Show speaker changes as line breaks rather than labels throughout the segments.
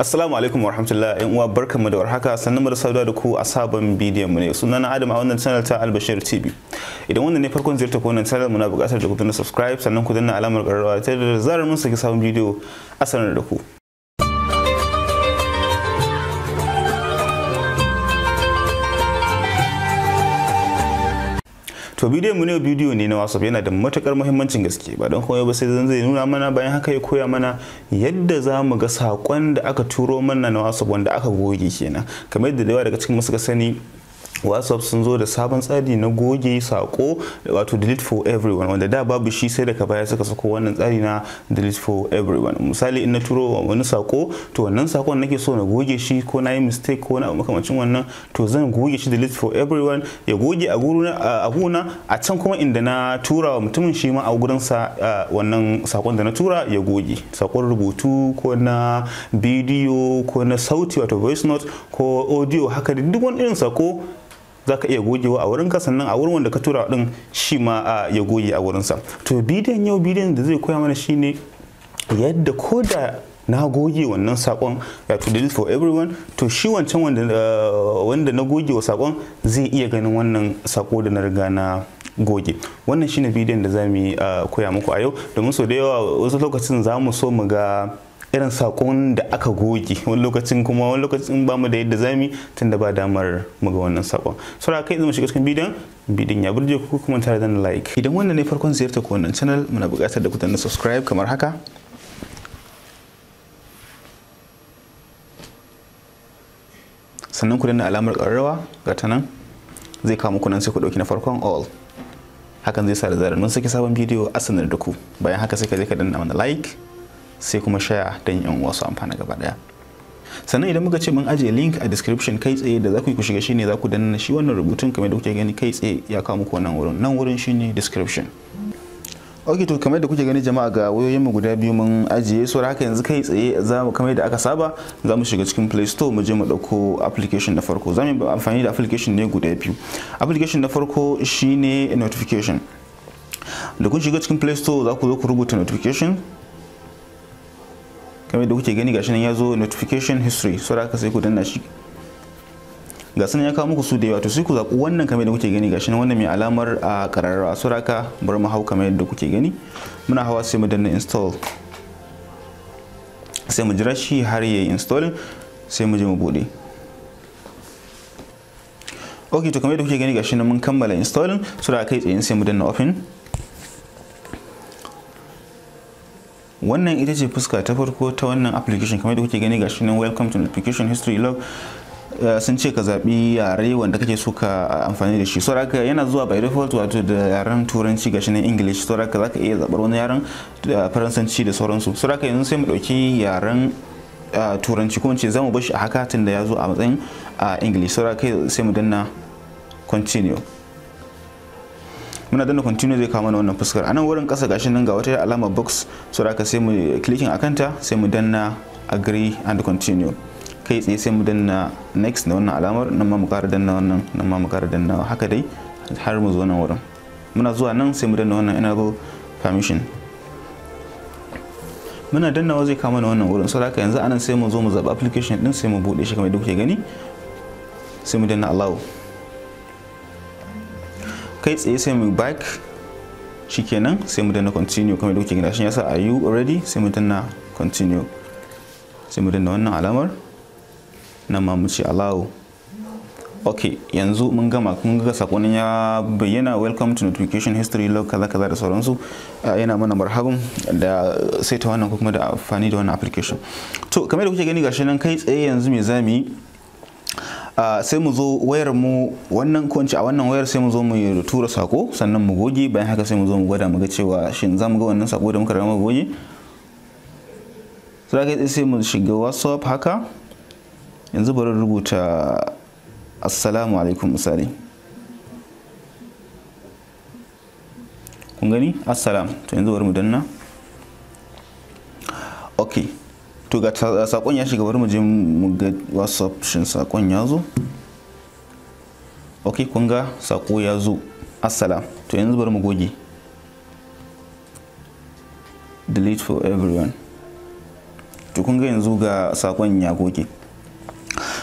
Assalamu alaikum warahmatullahi yan uwa barkanmu da warhaka sannan mu da saduwa da ku a sabon bidiyon mu ne sunana Adam a wannan channel ta Albashir TV idan wannan ne farkon ziyarta ko wannan channel muna buƙatar da ku danna subscribe sannan ku danna alamar karrawa ta da zarar mun saki sabon bidiyo a sanar da ku to bidiyon mu ne bidiyo ne na WhatsApp yana da matukar muhimmancin gaske ba don komai ba sai zan zai nuna mana bayan haka ya koya mana yadda za mu ga sakon da aka turo mana na WhatsApp wanda aka goge kenan kamar yadda da yawa daga cikin masu suka sani whatsapp sun zo da sabon tsari na goge sako wato delete for everyone wanda da babu shi sai daga baya suka sako wannan tsari na delete for everyone misali in na turo wani sako to wannan sakon nake so na goge shi ko na yi mistake ko na makamancin wannan to zan goge shi delete for everyone ya goge a guruna a can kuma inda na tura wa mutumin shi ma a gurinsa wannan sakon da na tura ya goge sakon rubutu ko na bidiyo ko na sauti wato voice note ko audio haka duk wani irin sako za ka iya gogewa a wurinka sannan a wurin wanda ka tura din shi ma ya goge a wurinsa to bidiyon yau bidiyon da zai koya mana shine yadda ko da na goge wannan sakon to delete for everyone to shi wancan wanda eh, na goge wa sakon zai iya ganin wannan sako da na riga na goge wannan shine bidiyon da za mu eh, koya muku a yau domin so da yawa wasu lokacin za mu so mu ga irin sakon da aka goge wani lokacin kuma wani lokacin ba mu da yadda zami tun da ba damar mu ga wannan sakon sura kai zama shiga cikin bidiyon bidiyon ya burje ku kuma tare da like idan wannan ne farkon ziyarta ko wannan channel muna buƙatar da ku danna subscribe kamar haka sannan ku danna alamar ƙararrawa ga ta nan zai kawo muku nan sai ku ɗauki na farkon all hakan zai sa da zarar mun saki sabon bidiyo a sanar da ku bayan haka sai ka je ka danna mana like sai kuma shaya don yan wasu amfana gaba daya sannan idan muka ce mun ajiye link a description kai tsaye da za ku yi ku shiga shine za ku danna shi wannan rubutun kamar da kuke gani kai tsaye ya kawo muku wannan wurin nan wurin shine description ok to kamar da kuke gani jama'a ga wayoyin mu guda biyu mun ajiye su haka yanzu kai tsaye za mu kamar da aka saba za mu shiga cikin play store mu je mu dauko application na farko za mu amfani da application ne guda biyu application na farko shine notification da kun shiga cikin play store za ku zo ku rubuta notification kamar da kuke gani gashi nan ya zo notification history so da haka sai ku danna shi ga sanin ya kawo muku su da yawa to sai ku zaku wannan kamar da kuke gani gashi nan wannan mai alamar a kararrawa so da haka bari mu hau kamar da kuke gani muna hawa sai mu danna install sai mu jira shi har yayi install sai mu je mu bude ok to kamar da kuke gani gashi nan mun kammala installing so da kai tsayin sai mu danna open wannan ita ce fuska ta farko ta wannan application kamar da kuke gani ga shi nan welcome to application history log eh, sun ce ka zaɓi yare wanda kake so ka amfani da shi sauraka yana zuwa by default wato da yaren turanci ga shi nan english sauraka za ka iya zaɓar wani yaren faransanci da sauransu sauraka yanzu sai mu ɗauki yaren eh, turanci kuma ce za mu bashi a haka tun da ya zo a matsayin eh, english sauraka sai mu danna continue muna danna continue zai kawo mana wannan fuskar anan wurin kasa gashi nan ga wata alama box so da sai mu clicking akan ta sai mu danna agree and continue kai tsaye sai mu danna next na wannan alamar nan ma mu kara danna wannan nan ma mu kara danna haka dai har mu zo nan wurin muna zuwa nan sai mu danna wannan enable permission muna wa zai kama na wannan wurin sau ka yanzu anan sai mu zo mu zaba application din sai mu bude shi kamar yadda kuke gani sai mu danna allow kai tsaye sai mu back shikenan sai mu danna continue kamar da kuke gina shi yasa are you ready sai mu danna continue sai mu danna wannan alamar nan ma mu ce allow ok yanzu mun gama kun ga sakonin ya bayyana welcome to notification history log kaza kaza da sauransu ah, yana mana marhabin da sai ta wannan ko kuma da amfani da wannan application to kamar da kuke gani gashi nan kai tsaye yanzu me zamu yi Ah, sai mu zo wayar mu wannan kunci a wannan wayar sai mu zo mu tura sako sannan mu goge bayan haka sai mu zo mu gwada mu ga cewa shin za mu ga wannan sako da muka rama goge sai sai mu shiga whatsapp haka yanzu bari rubuta assalamu alaikum misali kun gani assalam to yanzu bari mu danna okay to ga sakon ya shiga bari mu je mu ga whatsapp shin sakon ya zo ok kun ga sako ya zo assalam to yanzu bari mu goge delete for everyone to kun ga yanzu ga sakon ya goge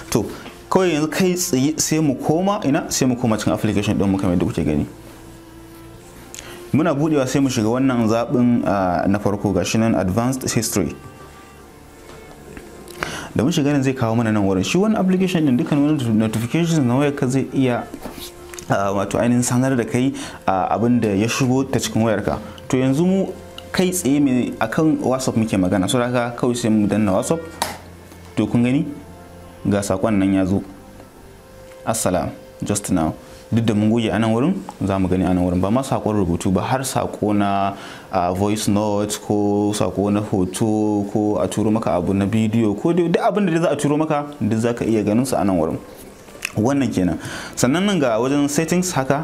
to kawai yanzu kai tsaye sai mu koma ina sai mu koma cikin application din mu kamar yadda kuke gani muna budewa sai mu shiga wannan zaɓin ah, na farko gashi nan advanced history da mun shiga nan zai kawo mana nan wurin shi wani application din dukkan wani notifications na wayar zai iya wato ainihin sanar da kai abin da ya shigo ta cikin wayarka to yanzu mu kai tsaye mai akan whatsapp muke magana so haka kawai sai mu danna whatsapp to kun gani ga sakon nan ya zo assalam just now duk da mun goge anan wurin za mu gani anan wurin ba ma sakon rubutu ba har sako na voice note ko sako na hoto ko a turo maka abu na bidiyo ko duk abin da za a turo maka duk za ka iya ganin su anan wurin wannan kenan sannan nan ga wajen settings haka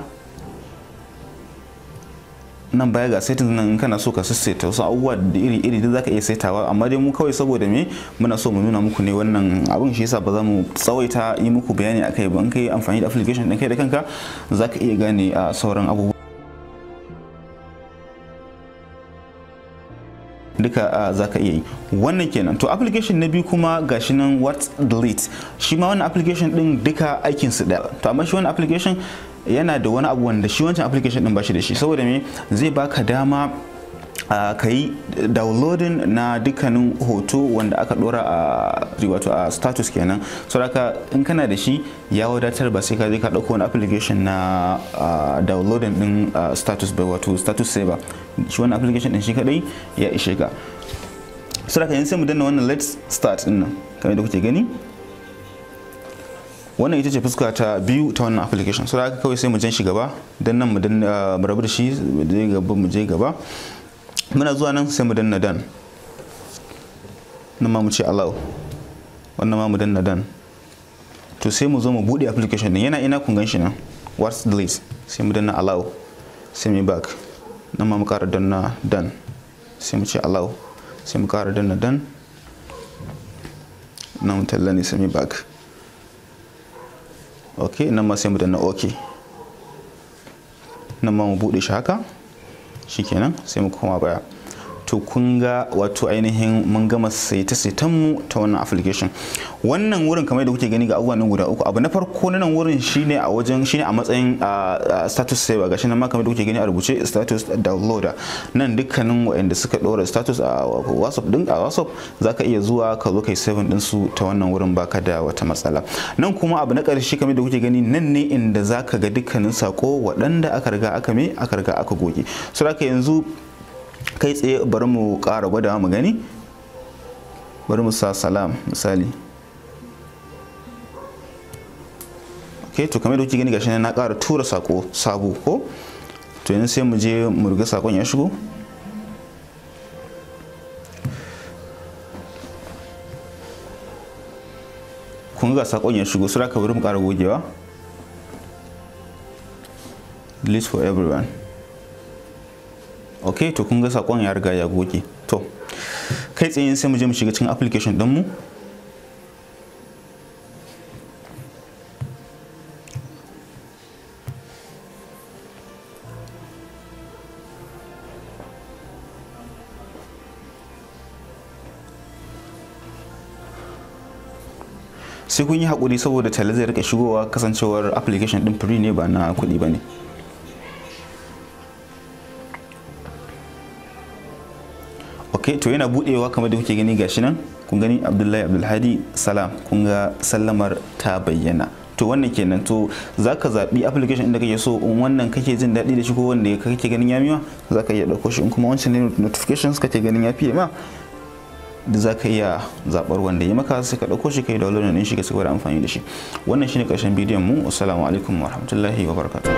nan baya ga settings nan in kana so ka sassaita wasu abubuwa da iri iri da zaka iya saitawa amma dai mu kawai saboda me muna so mu nuna muku ne wannan abin shi yasa ba za mu tsawaita yi muku bayani akai ba in kai amfani da application din kai da kanka zaka iya gane ah, sauran abubuwa duka za ka iya yi wannan kenan to application na biyu kuma gashi nan what's delete shi ma wannan application din duka aikin su da to amma shi wannan application yana da wani abu wanda shi wancan application din ba shi da shi saboda me zai baka dama Uh, ka yi downloading na dukkanin hoto wanda aka dora a uh, wato a uh, status kenan saboda in kana da shi ya wadatar ba sai ka je ka dauko wani application na downloading din status ba wato status saver shi wannan application din shi kadai ya ishe ka saboda so, sai mu danna wannan let's start din nan kamar da kuke gani wannan ita ce fuska ta biyu ta wannan application so da kawai sai mu jan shi gaba dan nan mu rabu da shi mu je gaba mu je gaba muna zuwa nan sai mu danna dan nan ma mu ce allow wannan ma mu danna dan to sai mu zo mu bude application din yana ina kun ganshi nan what's the list sai mu danna allow sai mu back nan ma mu kara danna dan sai mu ce allow sai mu kara danna dan nan mu talla ne sai mu back ok nan ma sai mu danna ok nan ma mu bude shi haka shikenan sai mu koma baya to kun ga wato ainihin mun gama saita saitan mu ta wannan application wannan wurin kamar yadda kuke gani ga abubuwan nan guda uku abu na farko na nan wurin shine a wajen shine a matsayin status saver gashi nan ma kamar yadda kuke gani a rubuce status downloader nan dukkanin waɗanda suka ɗora status a whatsapp din a whatsapp zaka iya zuwa ka zo kai saving din su ta wannan wurin baka da wata matsala nan kuma abu na ƙarshe kamar yadda kuke gani nan ne inda zaka ga dukkanin sako waɗanda aka riga aka me aka riga aka goge so haka yanzu kai tsaye bari mu ƙara gwada mu gani bari mu sa salam misali ok to kamar da kuke gani gashi na ƙara tura sako sabo ko to yanzu sai mu je mu riga sakon ya shigo kun ga sakon ya shigo sura ka bari mu ƙara gogewa list for everyone ok to kun ga sakon ya riga ya goge to kai tsaye sai mu je mu shiga cikin application din mu sai kun yi hakuri saboda tale zai rika shigowa kasancewar application din free ne ba na kuɗi ba ne ok to yana budewa kamar da kuke gani gashi nan kun gani abdullahi abdulhadi salam kun ga sallamar ta bayyana to wannan kenan to za ka zaɓi application inda kake so in wannan kake jin daɗi da shi ko wanda kake ganin ya miwa ka iya ɗauko shi in kuma wancan ne notifications kake ganin ya fiye ma da za ka iya zaɓar wanda ya maka sai ka ɗauko shi kai da wani shi ka cigaba amfani da shi wannan shine ƙarshen bidiyon mu assalamu alaikum wa barkatu.